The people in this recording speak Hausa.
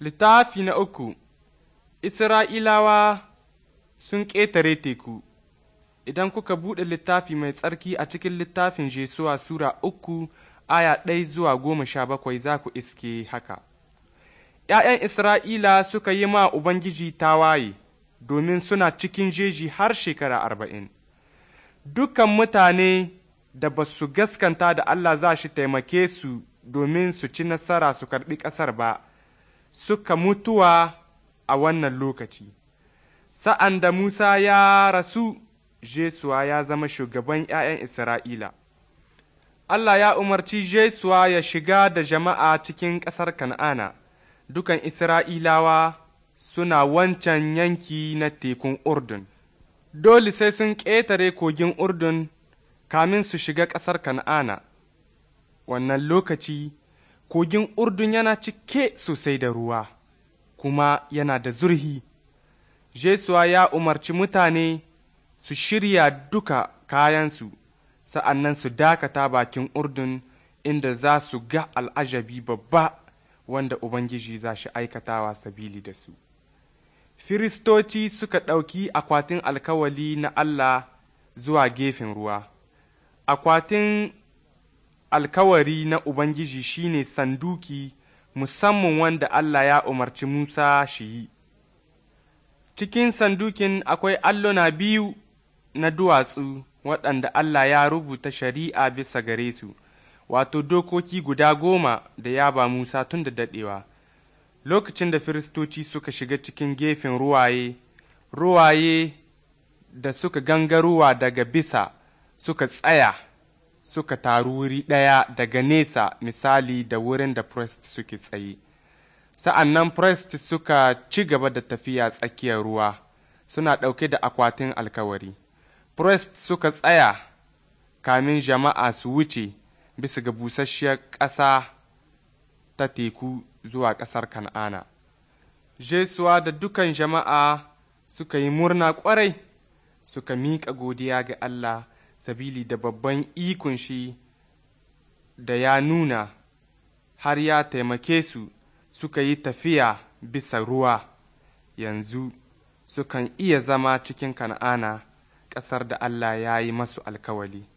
Littafi na uku Isra'ilawa sun ƙetare teku Idan kuka buɗe littafi mai tsarki a cikin littafin Jesuwa Sura uku aya ɗai zuwa goma sha bakwai za ku iske haka. ’Ya'yan Isra'ila suka yi ma Ubangiji tawaye, domin suna cikin jeji har shekara arba'in. Dukan mutane da ba su gaskanta da Allah za shi taimake su domin su ci nasara su karɓi ƙasar ba, suka mutuwa a wannan lokaci. Sa'an da Musa ya rasu, Jesuwa ya zama shugaban ’ya'yan Isra'ila. Allah ya umarci Jesuwa ya shiga da jama'a cikin ƙasar Kan'ana, dukan Isra'ilawa suna wancan yanki na tekun Urdun. Dole sai sun ƙetare kogin Urdun kamin su shiga ƙasar Kan'ana. Wannan lokaci kogin Urdun yana cike sosai da ruwa, kuma yana da zurhi. Jesuwa ya umarci mutane su shirya duka kayansu, sa'an nan su dakata bakin Urdun inda za su ga al'ajabi babba wanda Ubangiji za shi aikatawa sabili da su. Firistoci suka ɗauki akwatin alkawali na Allah zuwa gefen ruwa. Akwatin alkawari na Ubangiji shi ne sanduki musamman wanda Allah ya umarci Musa shi yi. Cikin sandukin akwai allona biyu na duwatsu waɗanda Allah ya rubuta shari'a bisa gare su, wato dokoki guda goma da ya ba Musa tun da daɗewa. Lokacin da Firistoci suka shiga cikin gefen ruwaye, ruwaye da suka gangarowa daga bisa suka tsaya. suka taru wuri ɗaya daga nesa misali da wurin da priest suke tsaye. Sa'an nan priest suka ci gaba da tafiya tsakiyar ruwa, suna ɗauke da akwatin alkawari. Priest suka tsaya kamin jama'a su wuce bisa ga busasshiyar ƙasa ta teku zuwa ƙasar Kan'ana. Jesuwa da dukan jama'a suka yi murna ƙwarai, suka miƙa godiya ga Allah. sabili da babban ikon shi da ya nuna har ya taimake su suka yi tafiya bisa ruwa yanzu sukan iya zama cikin kan'ana ƙasar da Allah ya yi masu alkawali.